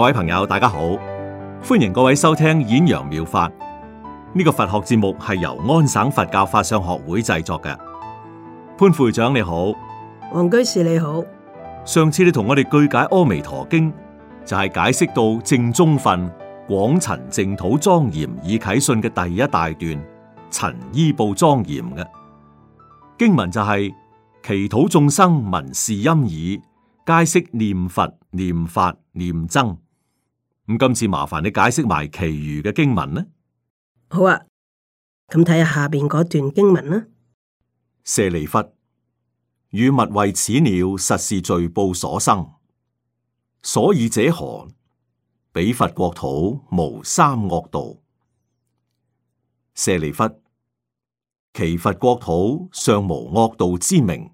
各位朋友，大家好，歡迎各位收聽《演揚妙，妙法》呢、這個佛學節目，係由安省佛教法相學會製作嘅。潘副會長你好，王居士你好。上次你同我哋句解《阿彌陀經》，就係、是、解釋到正宗分廣陳淨土莊嚴以啟信嘅第一大段陳依報莊嚴嘅經文就係、是、其土眾生聞是音已，皆悉念佛、念法、念僧。咁今次麻煩你解釋埋其餘嘅經文呢？好啊，咁睇下下邊嗰段經文啦。舍利弗，汝勿謂此鳥實是罪報所生，所以者何？彼佛國土無三惡道。舍利弗，其佛國土尚無惡道之名，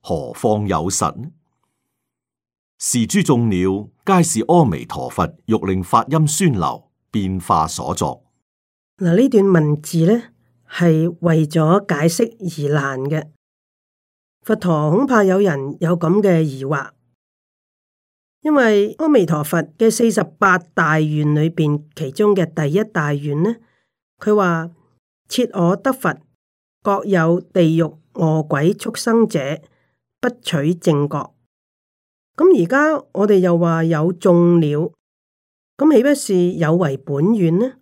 何況有實？是諸眾鳥，皆是阿彌陀佛欲令法音宣流變化所作。嗱，呢段文字咧係為咗解釋疑難嘅。佛陀恐怕有人有咁嘅疑惑，因為阿彌陀佛嘅四十八大願裏邊，其中嘅第一大願呢，佢話：切我得佛，各有地獄餓鬼畜生者，不取正覺。咁而家我哋又話有眾鳥，咁豈不是有違本願呢？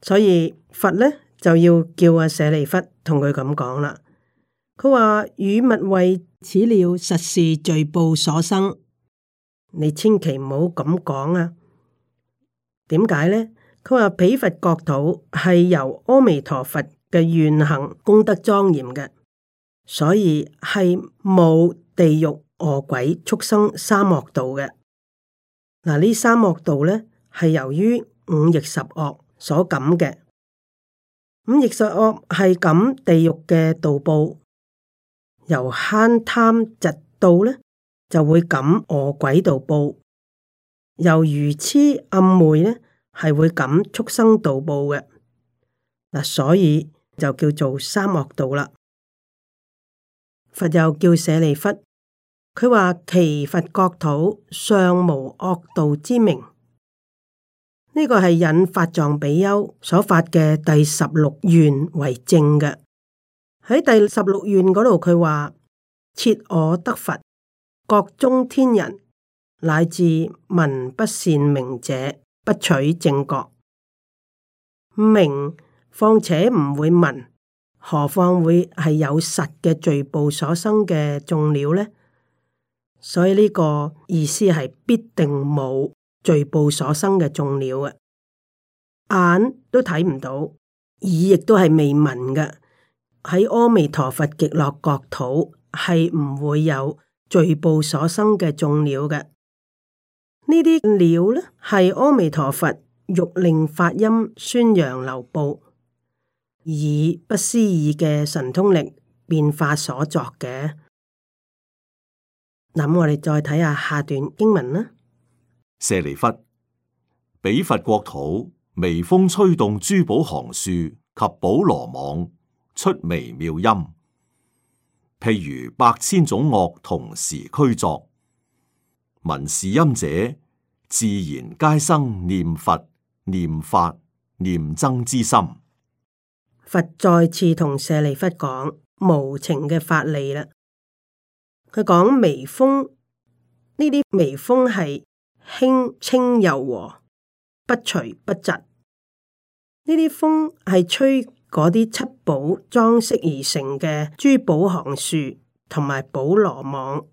所以佛呢，就要叫阿舍利弗同佢咁講啦。佢話與物為此鳥，實是罪報所生。你千祈唔好咁講啊！點解呢？佢話彼佛國土係由阿彌陀佛嘅願行功德莊嚴嘅，所以係冇地獄。餓鬼畜生三惡道嘅，嗱呢三惡道咧係由於五逆十惡所感嘅，五逆十惡係感地獄嘅道報，由慳貪窒道咧就會感餓鬼道報，由愚痴暗昧咧係會感畜生道報嘅，嗱所以就叫做三惡道啦。佛又叫舍利弗。佢話其佛國土尚無惡道之名，呢、這個係引法藏比丘所發嘅第十六願為證嘅。喺第十六願嗰度，佢話：設我得佛，國中天人乃至聞不善名者，不取正覺。明，況且唔會聞，何況會係有實嘅罪報所生嘅眾鳥呢？所以呢個意思係必定冇罪報所生嘅眾鳥嘅。眼都睇唔到，耳亦都係未聞嘅。喺阿彌陀佛極樂國土係唔會有罪報所生嘅眾鳥嘅。呢啲鳥呢，係阿彌陀佛欲令發音宣揚流布，以不思議嘅神通力變化所作嘅。噉我哋再睇下下段經文啦。舍利弗，彼佛國土微風吹動珠寶行樹及寶羅網，出微妙音，譬如百千種樂同時俱作。聞是音者，自然皆生念佛、念法、念僧之心。佛再次同舍利弗講無情嘅法理啦。佢講微風，呢啲微風係輕清柔和，不徐不疾。呢啲風係吹嗰啲七寶裝飾而成嘅諸寶行樹同埋寶羅網，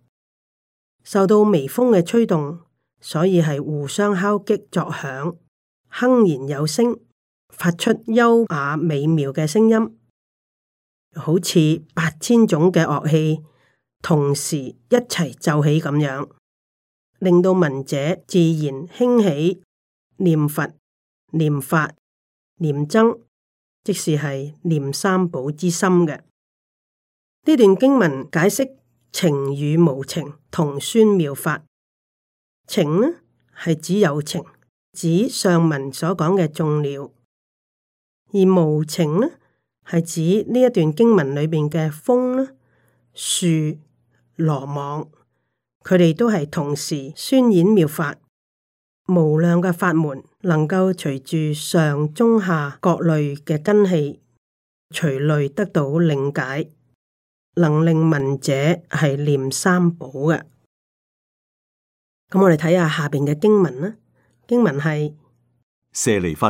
受到微風嘅吹動，所以係互相敲擊作響，鏗然有聲，發出優雅美妙嘅聲音，好似八千種嘅樂器。同時一齊奏起咁樣，令到聞者自然興起念佛、念法、念僧，即是係念三寶之心嘅。呢段經文解釋情與無情同宣妙法。情呢係指有情，指上文所講嘅眾鳥；而無情呢係指呢一段經文裏面嘅風呢、樹。羅網，佢哋都係同時宣演妙法無量嘅法門能夠隨，能夠隨住上中下各類嘅根器，隨類得到領解，能令聞者係念三寶嘅。咁我哋睇下下邊嘅經文啦，經文係舍利弗，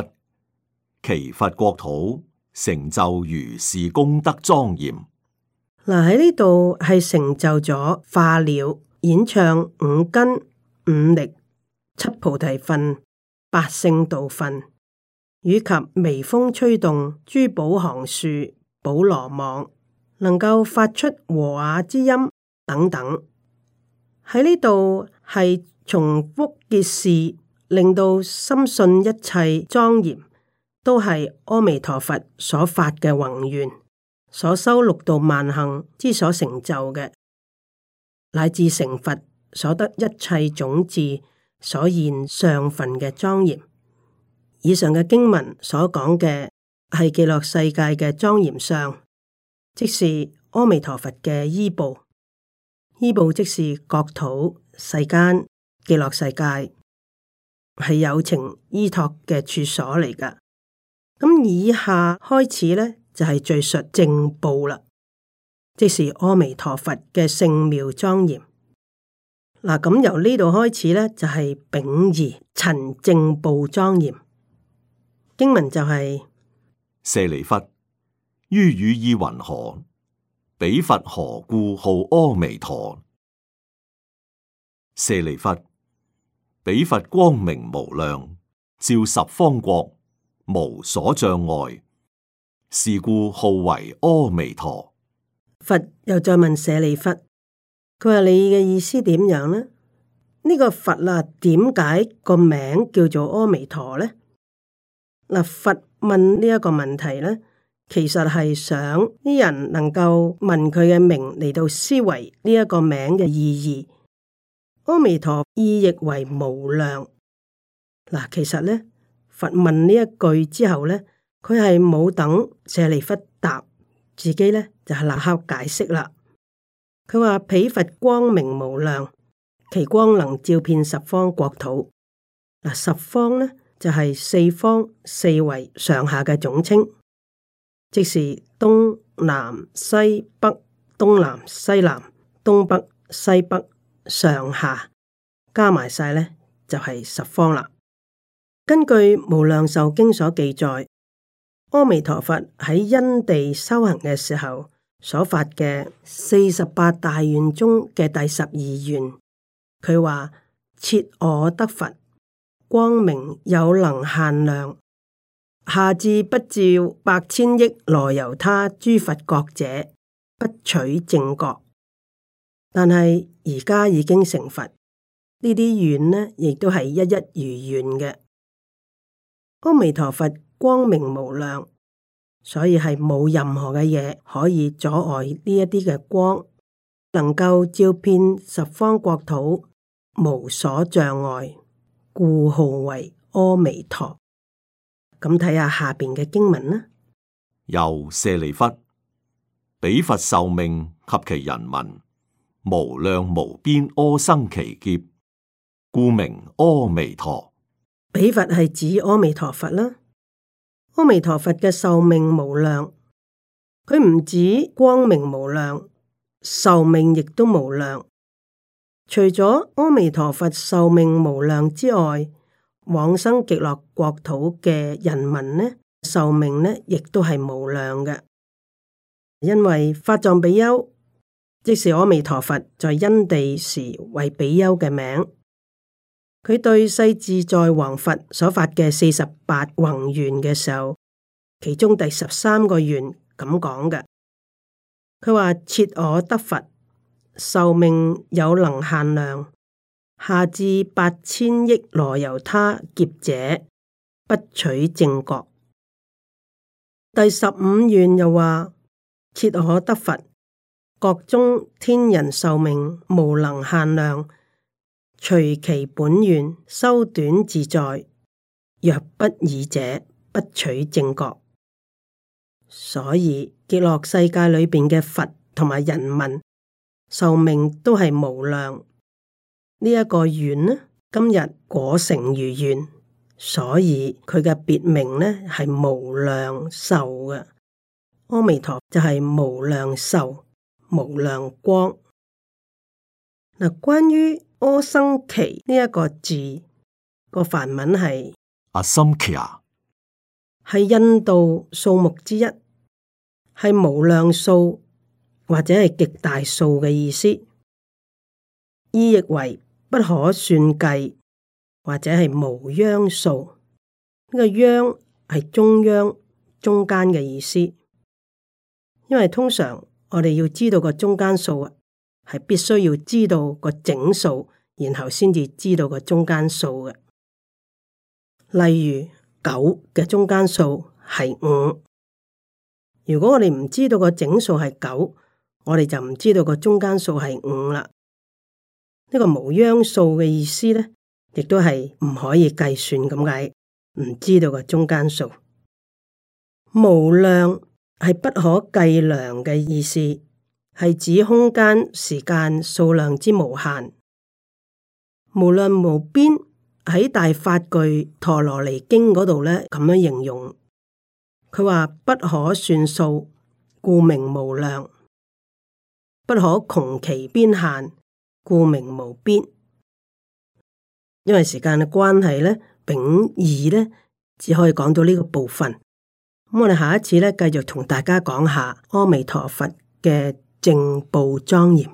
其佛國土成就如是功德莊嚴。嗱，喺呢度係成就咗化鳥演唱五根、五力、七菩提分、八聖道分，以及微風吹動珠寶行樹、寶羅網能夠發出和雅之音等等。喺呢度係重複結事，令到深信一切莊嚴都係阿彌陀佛所發嘅宏願，所修六度萬行之所成就嘅，乃至成佛所得一切種智所現上分嘅莊嚴。以上嘅經文所講嘅係極樂世界嘅莊嚴相，即是阿彌陀佛嘅依報。依報即是國土世間，極樂世界係有情依託嘅處所嚟㗎。咁以下開始呢，就係敘述正報啦，即是阿彌陀佛嘅聖妙莊嚴。嗱、啊，咁由呢度開始呢，就係、是、秉儀陳正報莊嚴經文、就是，就係舍利弗，於汝意云何？彼佛何故號阿彌陀？舍利弗，彼佛光明無量，照十方國，無所障礙。是故號為阿彌陀佛。又再問舍利弗，佢話你嘅意思點樣呢？呢、這個佛啦、啊，點解個名叫做阿彌陀呢？嗱、啊，佛問呢一個問題咧，其實係想啲人能夠問佢嘅名嚟到思維呢一個名嘅意義。阿彌陀意譯為無量。嗱、啊，其實咧，佛問呢一句之後咧。佢係冇等舍利弗答，自己呢就係立刻解釋啦。佢話彼佛光明無量，其光能照遍十方國土。嗱，十方呢，就係四方、四維、上下嘅總稱，即是東南西北、東南西南、東北西北、上下，加埋晒呢，就係十方啦。根據無量壽經所記載。阿彌陀佛喺因地修行嘅時候所發嘅四十八大願中嘅第十二願，佢話：切我得佛光明有能限量，下至不照百千億羅由他諸佛國者，不取正覺。但係而家已經成佛，呢啲願呢亦都係一一如願嘅。阿彌陀佛。光明無量，所以係冇任何嘅嘢可以阻礙呢一啲嘅光，能夠照遍十方國土，無所障礙，故號為阿彌陀。咁睇下下邊嘅經文啦。又舍利弗，彼佛壽命及其人民，無量無邊，阿僧祇劫，故名阿彌陀。彼佛係指阿彌陀佛啦。阿彌陀佛嘅壽命無量，佢唔止光明無量，壽命亦都無量。除咗阿彌陀佛壽命無量之外，往生極樂國土嘅人民呢，壽命呢亦都係無量嘅，因為法藏比丘，即是阿彌陀佛在因地時為比丘嘅名。佢對世自在王佛所發嘅四十八宏願嘅時候，其中第十三個願咁講嘅，佢話：切我得佛壽命有能限量，下至八千億羅由他劫者不取正覺。第十五願又話：切我得佛，國中天人壽命無能限量。隨其本願修短自在，若不爾者不取正覺。所以極樂世界裏邊嘅佛同埋人民壽命都係無量。呢、這、一個願呢，今日果成如願，所以佢嘅別名呢係無量壽嘅。阿彌陀就係無量壽、無量光。嗱、啊，關於阿生奇呢一個字個梵文係阿生奇啊，係印度數目之一，係無量數或者係極大數嘅意思。意譯為不可算計或者係無央數。呢、這個央係中央中間嘅意思，因為通常我哋要知道個中間數啊。係必須要知道個整數，然後先至知道個中間數嘅。例如九嘅中間數係五。如果我哋唔知道個整數係九，我哋就唔知道個中間數係五啦。呢個無央數嘅意思咧，亦都係唔可以計算咁解，唔知道個中間數。無量係不可計量嘅意思。係指空間、時間、數量之無限，無量無邊，喺大法句陀羅尼經嗰度咧，咁樣形容，佢話，不可算數，故名無量；不可窮其邊限，故名無邊。因為時間嘅關係咧，丙二咧，只可以講到呢個部分。咁我哋下一次咧，繼續同大家講下阿彌陀佛嘅正報莊嚴，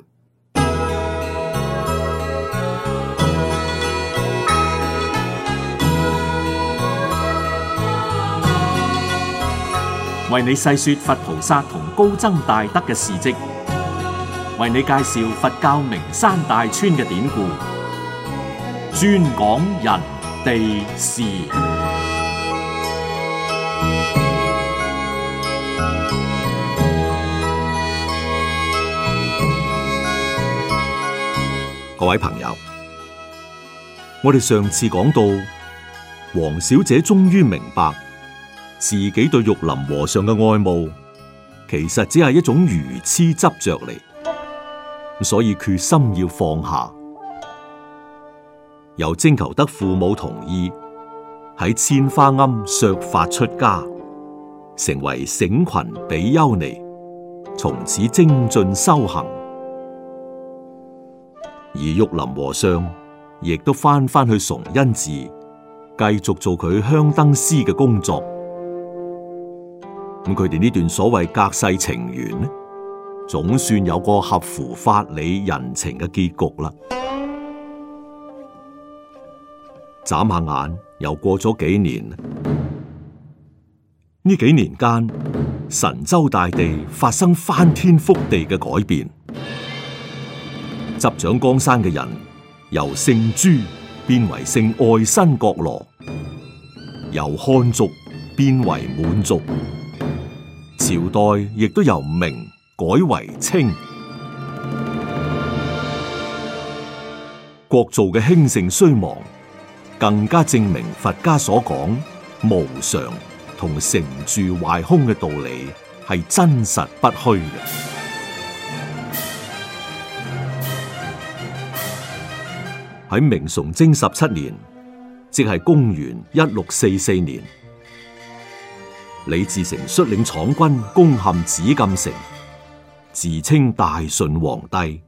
為你細說佛菩薩同高僧大德嘅事跡，為你介紹佛教名山大川嘅典故，專講人地事。各位朋友，我哋上次講到，黃小姐終於明白自己對玉林和尚嘅愛慕，其實只係一種愚癡執着嚟，所以決心要放下，又徵求得父母同意，喺千花庵削髮出家，成為醒群比丘尼，從此精進修行。而玉林和尚亦都返返去崇恩寺，繼續做佢香燈師嘅工作。咁佢哋呢段所謂隔世情緣呢，總算有個合乎法理人情嘅結局啦。眨下眼，又過咗幾年。呢幾年間，神州大地發生翻天覆地嘅改變。執掌江山嘅人，由姓朱變為姓愛新覺羅，由漢族變為滿族，朝代亦都由明改為清，國造嘅興盛衰亡，更加證明佛家所講無常同成住壞空嘅道理係真實不虛嘅。喺明崇禎十七年，即係公元一六四四年，李自成率領闖軍攻陷紫禁城，自稱大順皇帝。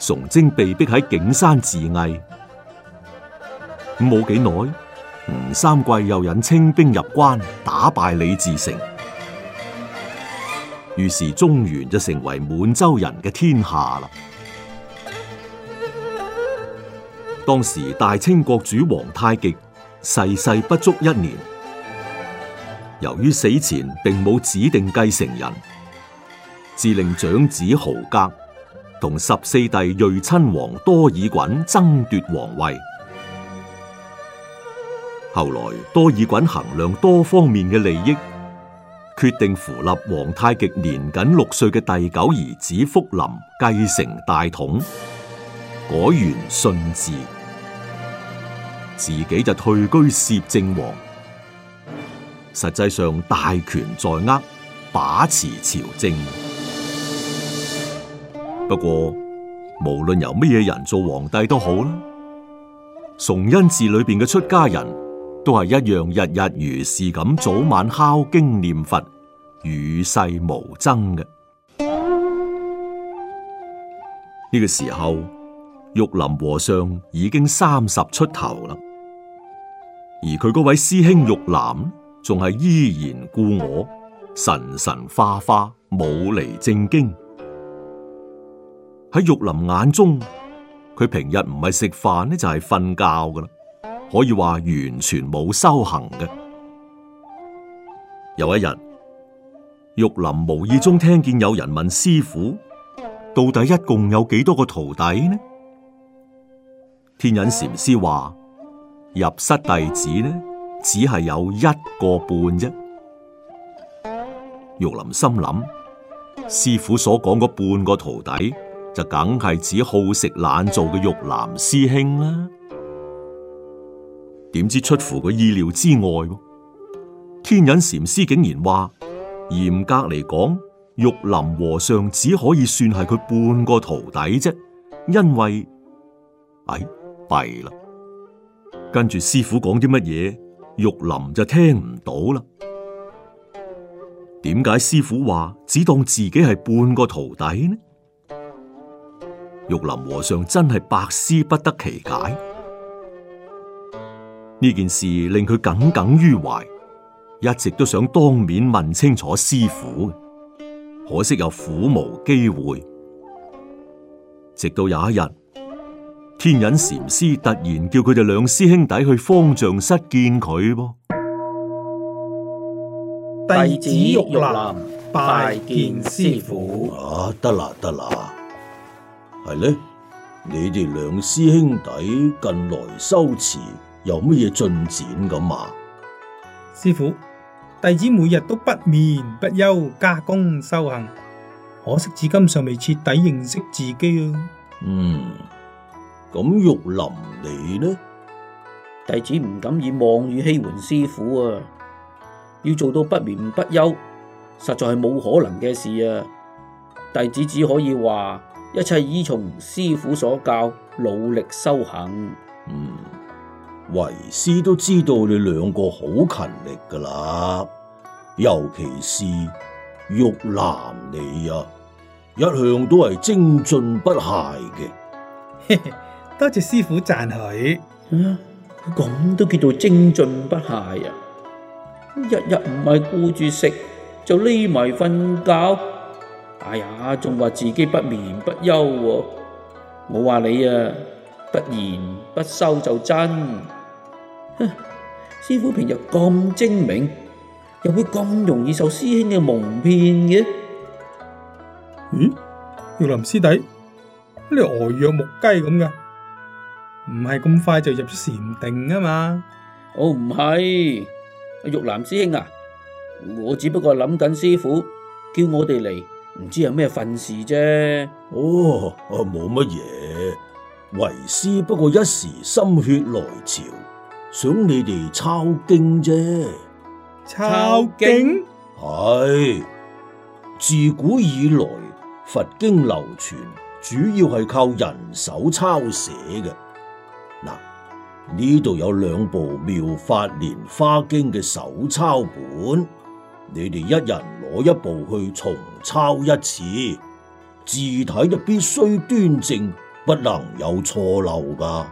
崇禎被逼喺景山自縊。冇幾耐，吳三桂又引清兵入關，打敗李自成。於是中原就成為滿洲人嘅天下啦。當時大清國主皇太極逝世，世不足一年，由於死前並冇，指定繼承人，致令長子豪格同十四弟睿親王多爾衮爭奪皇位。後來多爾衮衡量多方面嘅利益，決定扶立皇太極年僅六歲嘅第九兒子福臨繼承大統。改元順治，自己就退居攝政王，實際上大權在握，把持朝政。不過，無論由乜嘢人做皇帝都好啦，崇恩寺裏邊嘅出家人，都係一樣，日日如是咁早晚敲經念佛，與世無爭嘅。呢個時候。玉林和尚已經三十出頭啦，而佢嗰位師兄玉林仲係依然故我，神神化化，冇嚟正經。喺玉林眼中，佢平日唔係食飯呢，就係、是、瞓覺噶啦，可以話完全冇修行嘅。有一日，玉林無意中聽見有人問師傅：「到底一共有幾多個徒弟呢？」天隱禪師話：入室弟子呢，只係有一個半啫。玉林心諗，師傅所講嗰半個徒弟，就梗係指好食懶做嘅玉林師兄啦。點知出乎佢意料之外，天隱禪師竟然話：嚴格嚟講，玉林和尚只可以算係佢半個徒弟啫，因為，哎。弊啦，跟住師傅講啲乜嘢，玉林就聽唔到啦。點解師傅話只當自己係半個徒弟呢？玉林和尚真係百思不得其解，呢件事令佢耿耿於懷，一直都想當面問清楚師傅，可惜又苦無機會。直到有一日。天隱禪師突然叫佢哋兩師兄弟去方丈室見佢噃。弟子玉林拜見師傅。啊，得啦得啦，係呢？你哋兩師兄弟近來修持有乜嘢進展噉呀？師傅，弟子每日都不眠不休加工修行，可惜至今尚未徹底認識自己啊。嗯。咁玉林你呢？弟子唔敢以妄語欺瞞師父啊！要做到不眠不休，實在係冇可能嘅事啊！弟子只可以話一切以從師父所教，努力修行。嗯，為師都知道你兩個好勤力㗎喇，尤其是玉林你啊，一向都係精進不懈嘅。嘿。 多謝師父讚許啊！咁都叫做精進不懈啊！日日唔係顧住食就匿埋瞓覺，哎呀，仲話自己不眠不休。我話你啊，不言不收就真。哼，師父平日咁精明，又會咁容易受師兄嘅蒙騙嘅？咦，玉林師弟，你呆若木雞咁㗎？唔係咁快就入禪定啊嘛？哦，唔係玉林師兄啊，我只不過諗緊師傅叫我哋嚟，唔知有咩訓示啫。哦，冇乜嘢，為師不過一時心血來潮，想你哋抄經啫。抄經？係，係自古以來佛經流傳，主要係靠人手抄寫嘅。嗱，呢度有兩部《妙法蓮花經》嘅手抄本，你哋一人攞一部去重抄一次，字體就必須端正，不能有錯漏噶。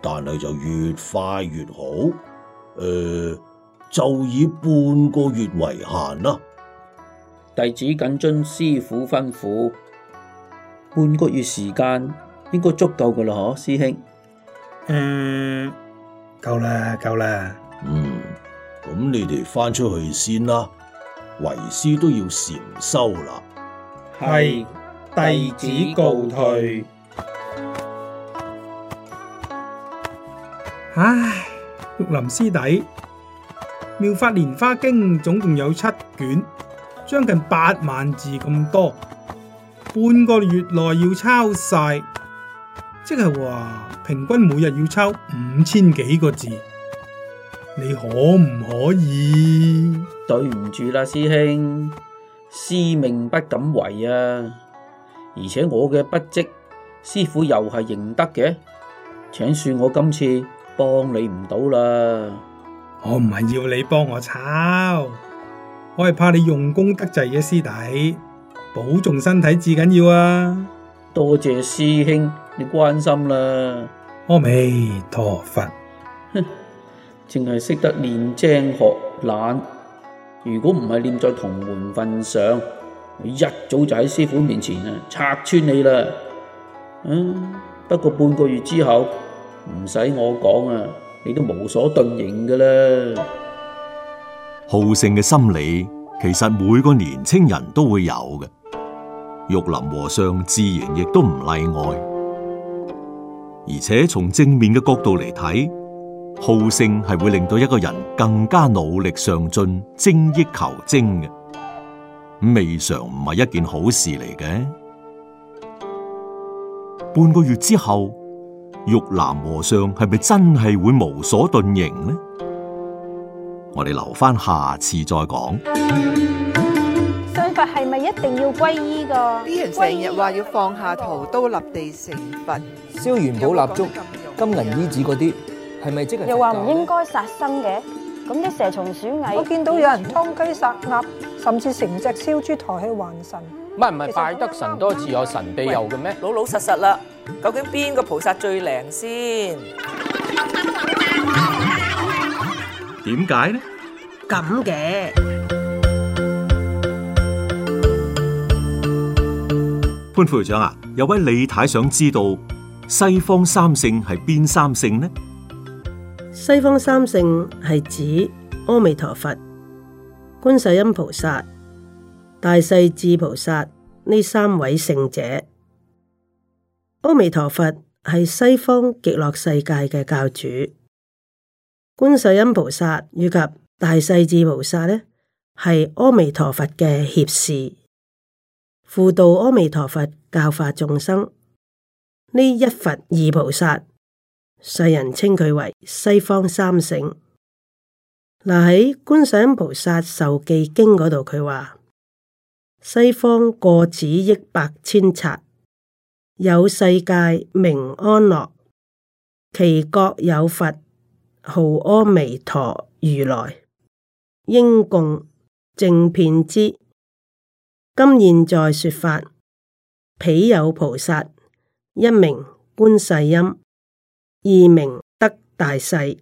但係就越快越好，誒、呃，就以半個月為限啦。弟子謹遵師傅吩咐，半個月時間應該足夠噶啦，嗬，師兄。嗯，夠啦，夠啦。嗯，咁你哋翻出去先啦，為師都要禪修啦。係，弟子告退。唉，玉林師弟，妙法蓮花經總共有七卷，將近八萬字咁多，半個月內要抄晒，即係話。平均每日要抄五千幾個字，你可唔可以？對唔住啦，師兄，師命不敢違啊！而且我嘅筆跡，師傅又係認得嘅，請恕我今次幫你唔到啦。我唔係要你幫我抄，我係怕你用功得滯嘅，師弟，保重身體至緊要啊！多謝師兄你關心啦。阿彌陀佛，哼，淨係識得練精學懶。如果唔係念在同門份上，我一早就喺師傅面前啊，拆穿你啦。嗯，不過半個月之後，唔使我講啊，你都無所遁形噶啦。好勝嘅心理，其實每個年青人都會有嘅，玉林和尚自然亦都唔例外。而且從正面嘅角度嚟睇，好勝係會令到一個人更加努力上進、精益求精嘅，未嘗唔係一件好事嚟嘅。半個月之後，玉林和尚係咪真係會無所遁形呢？我哋留翻下,下次再講。相法係咪一定要皈依㗎？啲人成日話要放下屠刀立地成佛。燒元寶蠟燭、有有金銀衣紙嗰啲，係咪、嗯、即係？又話唔應該殺生嘅，咁啲蛇蟲鼠蟻，我見到有人劏雞殺鴨，嗯、甚至成隻燒豬抬去還神。唔係唔係，拜得神多自有神庇佑嘅咩？老老實實啦，究竟邊個菩薩最靈先？點解呢？咁嘅潘副隊長啊，有位李太想知道。西方三聖係邊三聖呢？西方三聖係指阿彌陀佛、觀世音菩薩、大勢至菩薩呢三位聖者。阿彌陀佛係西方極樂世界嘅教主，觀世音菩薩以及大勢至菩薩呢，係阿彌陀佛嘅脅侍，輔導阿彌陀佛教化眾生。呢一佛二菩薩，世人稱佢為西方三聖。嗱，喺《觀世音菩薩授記經》嗰度，佢話：西方過此億百千剎，有世界名安樂，其國有佛號阿彌陀如來，應供正遍知。今現在說法，彼有菩薩。一名觀世音，二名得大勢。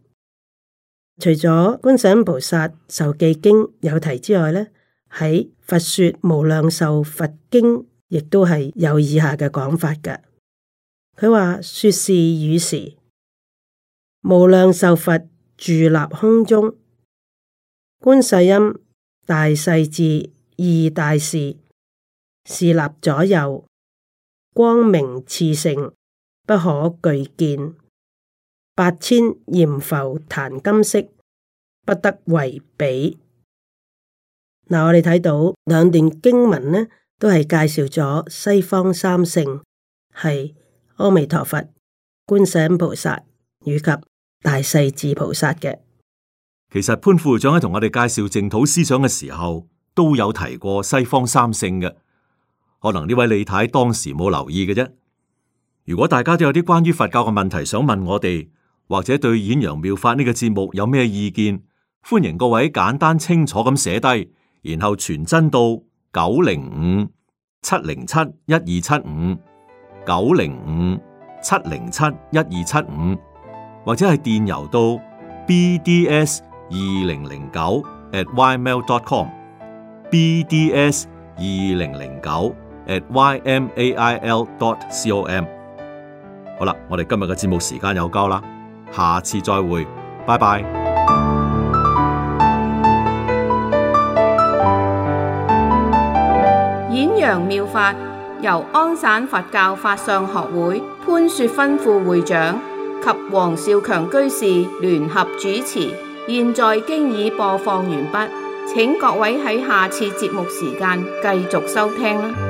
除咗觀世音菩薩受記經有提之外，呢，喺《佛說無量壽佛經》亦都係有以下嘅講法嘅。佢話說，說是與時無量壽佛住立空中，觀世音大勢至二大士是立左右。光明熾盛不可具見，八千閻浮檀金色不得為比。嗱，我哋睇到兩段經文呢，都係介紹咗西方三聖，係阿彌陀佛、觀世音菩薩以及大勢至菩薩嘅。其實潘副長喺同我哋介紹淨土思想嘅時候，都有提過西方三聖嘅。可能呢位李太當時冇留意嘅啫。如果大家都有啲關於佛教嘅問題想問我哋，或者對《演揚妙法》呢個節目有咩意見，歡迎各位簡單清楚咁寫低，然後傳真到九零五七零七一二七五九零五七零七一二七五，75, 75，或者係電郵到 bds 二零零九 at ymail.com，bds 二零零九。at y m a i l dot c o m，好啦，我哋今日嘅節目時間又夠啦，下次再會，拜拜。演揚妙法由安省佛教法相學會潘雪芬副會長及黃少強居士聯合主持，現在經已播放完畢，請各位喺下次節目時間繼續收聽啦。